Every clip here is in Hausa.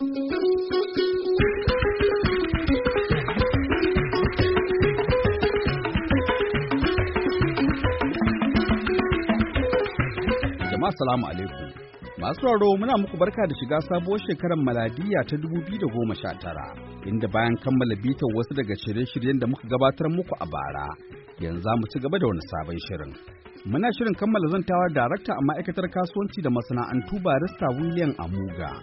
Jama'a salamu alaikum. Masu raro muna muku barka da shiga sabuwar shekarar maladiya ta dubu biyu da goma sha tara, inda bayan kammala bitar wasu daga shirye-shiryen da muka gabatar muku a bara yanzu za mu ci gaba da wani sabon shirin. Muna shirin kammala zantawa darakta a ma'aikatar kasuwanci da masana'antu barista William Amuga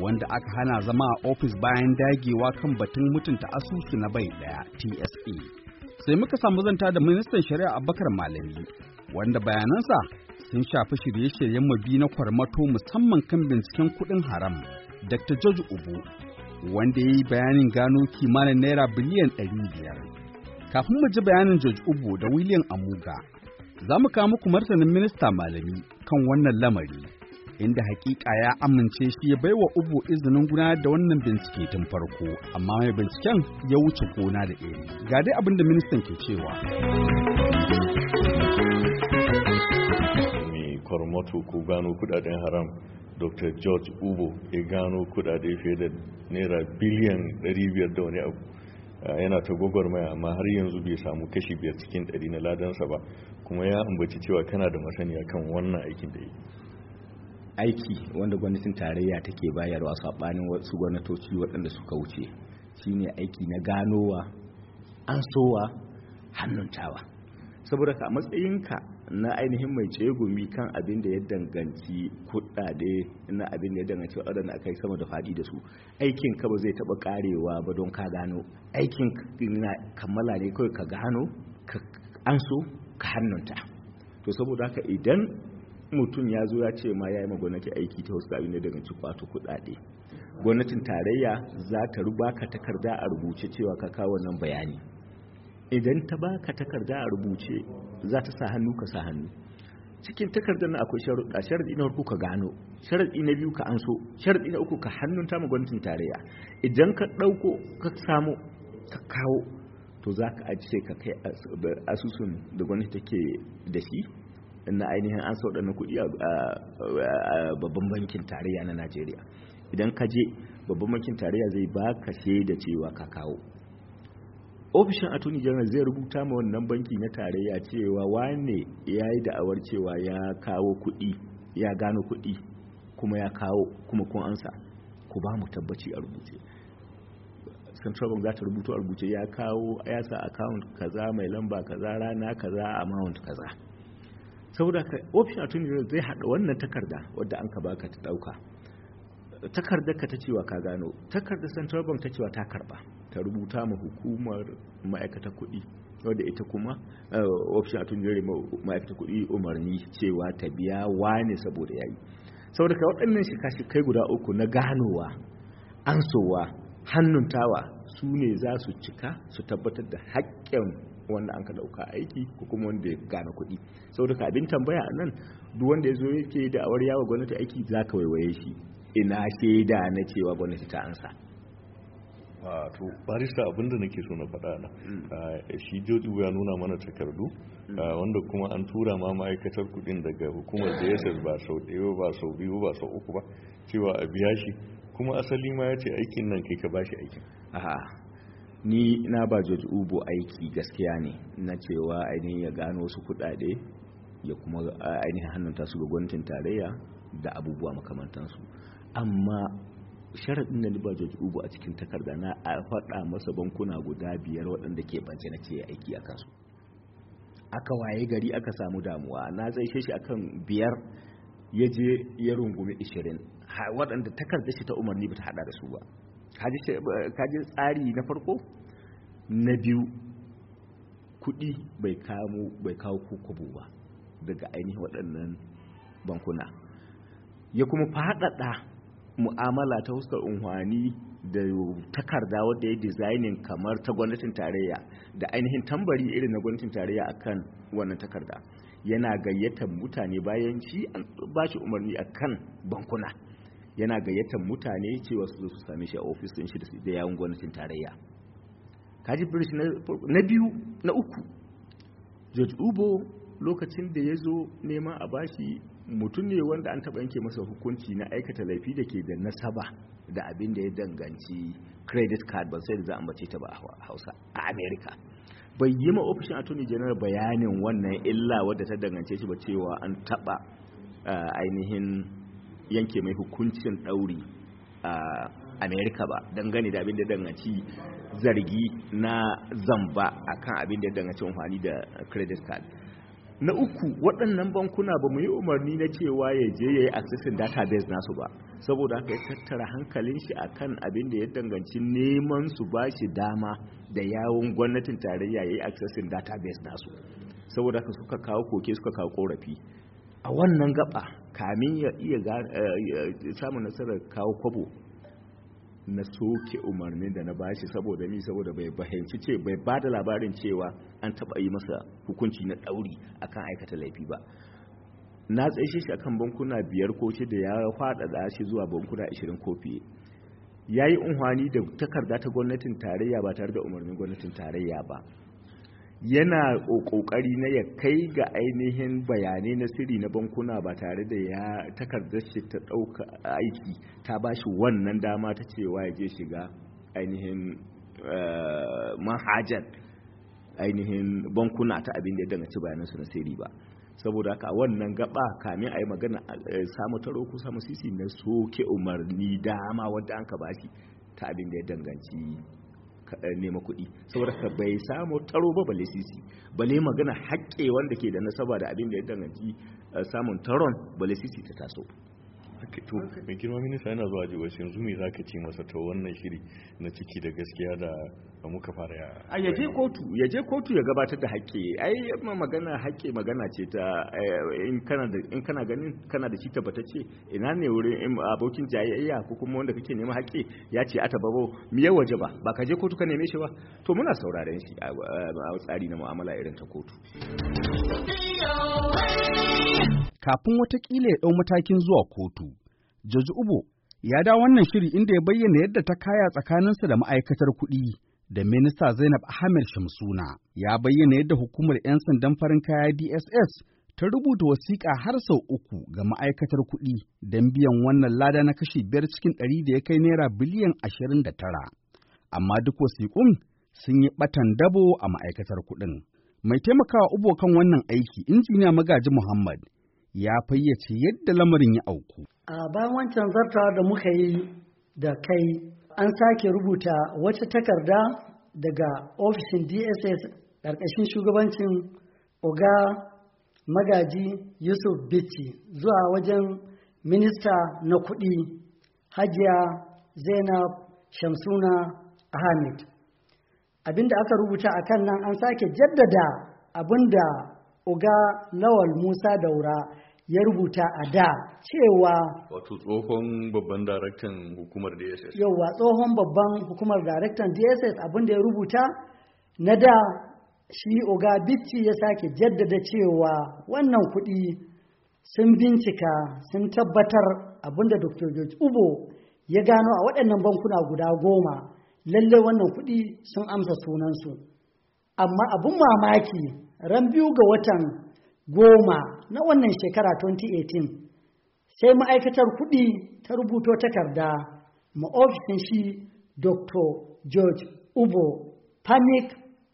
wanda aka hana zama a ofis bayan dagewa kan batun mutunta asusu na bai daya TSA. E. Sai muka samu zanta da ministan shari'a a bakar Malami, wanda bayanansa sun shafi shirye-shiryen mabi na kwarmato musamman kan binciken kuɗin haram, Dr. George Ubu, wanda ya yi bayanin gano kimanin naira biliyan ɗari biyar. Kafin mu ji bayanin George Ubu da William Amuga, za mu kawo muku martanin minista Malami kan wannan lamari. inda hakika ya amince shi ya baiwa ubu izinin guna da wannan bincike tun farko amma mai binciken ya wuce gona da iri ga dai abin da ministan ke cewa mai kwarmato ko gano kudaden haram dr george ubo ya gano kudade fiye da naira biliyan 500 da wani abu yana ta gwagwarmaya amma har yanzu bai samu kashi biyar cikin ɗari na ladansa ba kuma ya ambaci cewa kana da masaniya kan wannan aikin da yi aiki wanda gwamnatin tarayya take bayarwa saɓanin wasu gwamnatoci waɗanda suka wuce shine aiki na ganowa an sowa hannuntawa saboda ka matsayinka na ainihin mai cegumi kan abin da ya danganci kuɗaɗe na abin da ya danganci waɗanda aka yi sama da faɗi da su aikin ka ba zai taɓa ƙarewa ba don ka gano aikin na kammala ne kawai ka gano ka an ka hannunta to saboda haka idan mutum ya zo ya ce ma ya yi ma gwamnati aiki ta wasu abin da daga ci kwato kuɗaɗe gwamnatin tarayya za ta rubaka takarda a rubuce cewa ka kawo nan bayani idan ta baka takarda a rubuce za ta sa hannu ka sa hannu cikin takardar na akwai sharuɗa sharuɗi na farko ka gano sharuɗi na biyu ka anso sharuɗi na uku ka hannun ta gwamnatin tarayya idan ka ɗauko ka samu ka kawo to za ka ajiye ka kai asusun da gwamnati take da shi na ainihin an sau ɗana kuɗi a babban bankin tarayya na najeriya idan ka je babban bankin tarayya zai ba ka shaida cewa ka kawo ofishin attorney general zai rubuta ma wannan banki na tarayya cewa wane ya yi da'awar cewa ya kawo kuɗi ya gano kuɗi kuma ya kawo kuma kun ansa ku ba mu tabbaci a rubuce central bank za ta rubuto a rubuce ya kawo ya sa account kaza mai lamba kaza rana kaza amount kaza saboda ka option attorney general zai haɗa wannan takarda wadda an ka baka ta ɗauka takardar ka ta cewa ka gano takardar central bank ta cewa ta karba ta rubuta ma hukumar ma'aikata kuɗi wadda ita kuma eh, option attorney general ma'aikata kuɗi umarni cewa ta biya wane saboda yayi saboda ka waɗannan shika-shikai guda uku na ganowa ansowa hannuntawa su ne za su cika su tabbatar da haƙƙin wanda an ka dauka aiki ko kuma wanda ya gane kuɗi sau da abin tambaya a nan duk wanda ya zo yake da awar yawa gwamnati aiki za ka waiwaye shi ina shaida na cewa gwamnati ta ansa wato barista da nake so na faɗa na hmm. shi jodi ya nuna mana takardu hmm. wanda kuma an tura ma ma'aikatar kudin daga hukumar jsf ba sau ɗaya ba sau biyu ba sau uku ba cewa a biya shi kuma asali ma ya ce aikin nan kai ka bashi aikin ni na ba George Ubo aiki gaskiya ne na cewa ainihin ya gano wasu kuɗaɗe ya kuma ainihin hannunta su ga gwamnatin tarayya da abubuwa makamantansu amma sharaɗin na ba George Ubo a cikin takarda na a faɗa masa bankuna guda biyar waɗanda ke bace na ce aiki a kansu aka waye gari aka samu damuwa na zai shi akan biyar ya je ya rungumi 20 waɗanda takarda shi ta umarni ba ta hada da su ba kaji tsari na farko na biyu kuɗi bai kamo bai kawo kokobo ba daga ainihin waɗannan bankuna ya kuma faɗaɗa mu'amala ta huskar unhwani da takarda wadda ya dizainin kamar ta gwamnatin tarayya da ainihin tambari irin na gwamnatin tarayya akan wannan takarda yana gayyata mutane bayan shi an ba shi umarni kan bankuna yana gayyatar mutane cewa su zo su same shi a ofis din shi da yawon gwamnatin tarayya kaji british na biyu na uku george ubo lokacin da ya zo nema a bashi mutum ne wanda an taɓa yanke masa hukunci na aikata laifi da ke da nasaba da abin da ya danganci credit card ba, sai da za a mace ta ba a hausa a america bai yi ma ofishin attorney general bayanin wannan illa wadda ta dangance shi ba cewa an taɓa eh, ainihin yanke mai hukuncin ɗauri a amerika ba dangane da abin da danganci zargi na zamba akan abin da danganci amfani da credit card na uku waɗannan bankuna ba mu yi umarni na cewa ya je ya yi accessing database nasu ba saboda haka ya tattara hankalin shi akan abin da ya danganci neman su ba shi dama da yawon gwamnatin tarayya ya yi accessing database nasu saboda haka suka kawo koke suka kawo korafi a wannan gaba kamin ya iya eh, samun nasarar kawo kwabo na soke umarnin da na ba shi saboda ni saboda bai fahimci ce bai ba da labarin cewa an taba yi masa hukunci na ɗauri akan aikata laifi ba na tsaye shi akan bankuna biyar ko da ya fada da shi zuwa bankuna 20 ko fiye yi unhwani da takarda ta gwamnatin tarayya ba tare da umarnin gwamnatin tarayya ba yana kokari na ya kai ga ainihin bayanai na sirri na bankuna ba tare da ya takardar shi ta dauka aiki ta ba shi wannan dama ta cewa ya je shiga ainihin eh, manhajar ainihin bankuna ta abin da ya danganci bayanan su na sirri ba saboda haka wannan gaba kamin a yi magana eh, samu taro ko samu sisi na soke umarni dama wadda an ka ba shi ta abin da ya danganci Eh, nema kuɗi saboda ka bai samu taro ba bale sisi bale magana haƙƙe wanda ke da nasaba da abin da ya danganci eh, samun taron bale sisi ta taso to mai girma sa yana zuwa jiwa yanzu yanzu me ka ce masa ta wannan shiri na ciki da gaskiya da muka fara ya a yaje kotu yaje kotu ya gabatar da haƙƙi ai magana haƙƙi magana ce ta eh, in kana da in kana ganin kana da shi tabbatacce ina ne wurin abokin jayayya ko kuma wanda kake nema haƙƙi ya ce a tababo me ya waje ba ba ka je kotu ka neme shi ba to muna sauraren shi a tsari na mu'amala irin ta kotu kafin watakila ya ɗau matakin zuwa kotu. Jaji Ubo ya da wannan shiri inda ya bayyana yadda ta kaya tsakaninsa da ma'aikatar kuɗi da minista Zainab Ahmed Shamsuna. Ya bayyana yadda hukumar 'yan sandan farin kaya DSS ta rubuta wasiƙa har sau uku ga ma'aikatar kuɗi don biyan wannan lada na kashi biyar cikin ɗari da ya kai naira biliyan ashirin da tara. Amma duk wasiƙun sun yi ɓatan dabo a ma'aikatar kuɗin. Mai taimakawa Ubo kan wannan aiki, injiniya magaji Muhammad, ya fayyace yadda lamarin ya auku. A bayan wancan zartawa da muka yi da kai an sake rubuta wata takarda daga ofishin DSS ƙarƙashin shugabancin Oga Magaji Yusuf Bichi zuwa wajen minista na kuɗi Hajiya Zainab Shamsuna Ahmed. Abinda aka rubuta a kan nan an sake jaddada abinda Oga lawal musa daura ya rubuta a da cewa wato tsohon babban daraktan hukumar dss yauwa tsohon babban hukumar daraktan dss abinda ya rubuta na da shi oga bitti ya sake jaddada cewa wannan kuɗi sun bincika sun tabbatar abinda dr george ubo ya gano a waɗannan bankuna guda goma lallai wannan kuɗi sun amsa sunansu amma abin mamaki ran biyu ga watan goma na wannan shekara 2018 sai ma'aikatar kuɗi ta rubuto takarda ma ofishin shi dr george ubo panic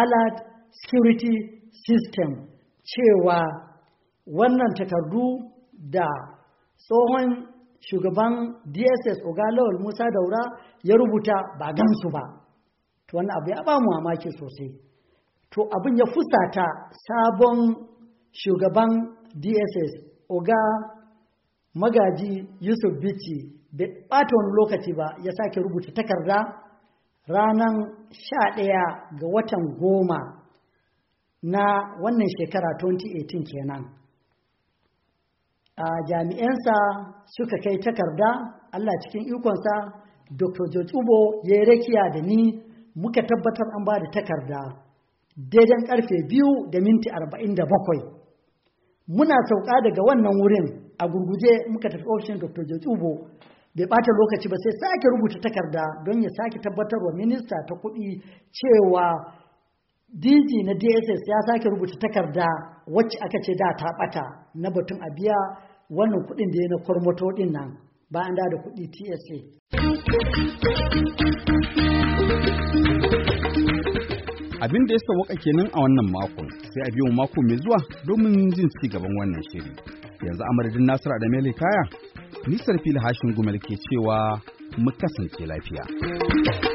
alert security system cewa wannan takardu da tsohon shugaban dss ogalawal musa daura ya rubuta ba gamsu ba to wannan abu ya ba mu mamaki sosai to abin ya fusata sabon shugaban dss oga magaji yusuf bici bai ɓata wani lokaci ba ya sake rubuta takarda ranar sha ɗaya ga watan goma na wannan shekara 2018 kenan a jami'ansa suka kai takarda allah cikin ikonsa dr jotubo ya yi rakiya da ni muka tabbatar an ba da takarda daidan karfe biyu da minti arba'in da bakwai muna sauka daga wannan wurin a gurguje muka tafi ofishin dr jotubo bai bata lokaci ba sai sake rubuta takarda don ya sake tabbatarwa minista ta kuɗi cewa dg na dss ya sake rubuta takarda wacce aka ce da ta bata na batun a biya wannan kuɗin da ya na kwarmato ɗin nan an da kuɗi tsa Abin da ya sauwaka kenan a wannan makon sai a biyo mako mai zuwa domin jin ci gaban wannan shiri. Yanzu amadadin Nasiru mele Kaya, Nisar Fili Hashin Gumel ke cewa mu kasance lafiya.